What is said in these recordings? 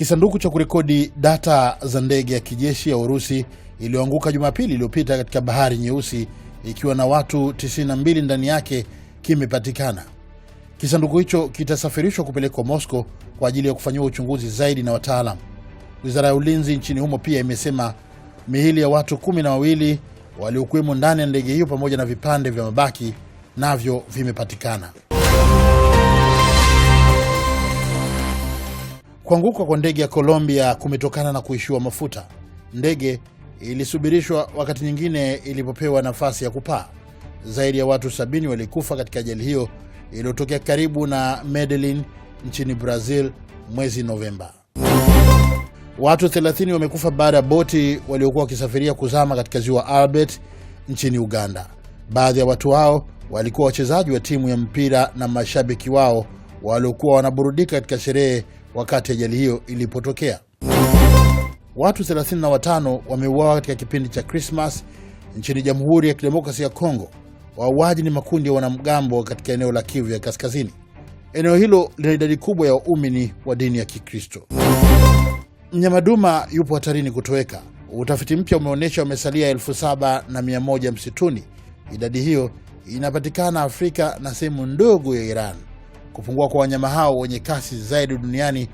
Kisanduku cha kurekodi data za ndege ya kijeshi ya Urusi iliyoanguka Jumapili iliyopita katika Bahari Nyeusi ikiwa na watu 92 ndani yake kimepatikana. Kisanduku hicho kitasafirishwa kupelekwa mosco kwa ajili ya kufanyiwa uchunguzi zaidi na wataalam. Wizara ya ulinzi nchini humo pia imesema miili ya watu kumi na wawili waliokuwemo ndani ya ndege hiyo pamoja na vipande vya mabaki navyo vimepatikana. Kuanguka kwa ndege ya Colombia kumetokana na kuishiwa mafuta. Ndege ilisubirishwa wakati nyingine ilipopewa nafasi ya kupaa. Zaidi ya watu 70 walikufa katika ajali hiyo iliyotokea karibu na Medellin nchini Brazil mwezi Novemba. Watu 30 wamekufa baada ya boti waliokuwa wakisafiria kuzama katika ziwa Albert nchini Uganda. Baadhi ya watu hao walikuwa wachezaji wa timu ya mpira na mashabiki wao waliokuwa wanaburudika katika sherehe wakati ajali hiyo ilipotokea. Watu 35 wameuawa katika kipindi cha Krismas nchini Jamhuri ya Kidemokrasi ya Kongo. Wauaji ni makundi ya wanamgambo katika eneo la Kivu ya Kaskazini. Eneo hilo lina idadi kubwa ya waumini wa dini ya Kikristo. Mnyama duma yupo hatarini kutoweka. Utafiti mpya umeonyesha wamesalia elfu saba na mia moja msituni. Idadi hiyo inapatikana Afrika na sehemu ndogo ya Iran. Kupungua kwa wanyama hao wenye kasi zaidi duniani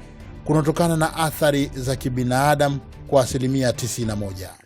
kunatokana na athari za kibinadamu kwa asilimia 91.